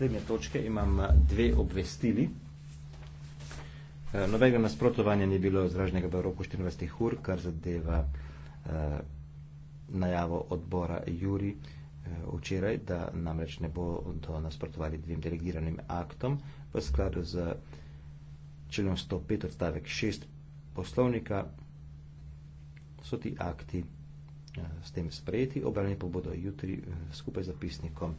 prednje točke imam eh, dve obvestili. Eh, Novega nasprotovanja ni bilo izraženega v roku 24 ur, kar zadeva eh, najavo odbora Juri včeraj, da namreč ne bodo nasprotovali dvim delegiranim aktom v skladu z členom 105 odstavek 6 poslovnika so ti akti s tem sprejeti, obravnani pa bodo jutri skupaj z zapisnikom.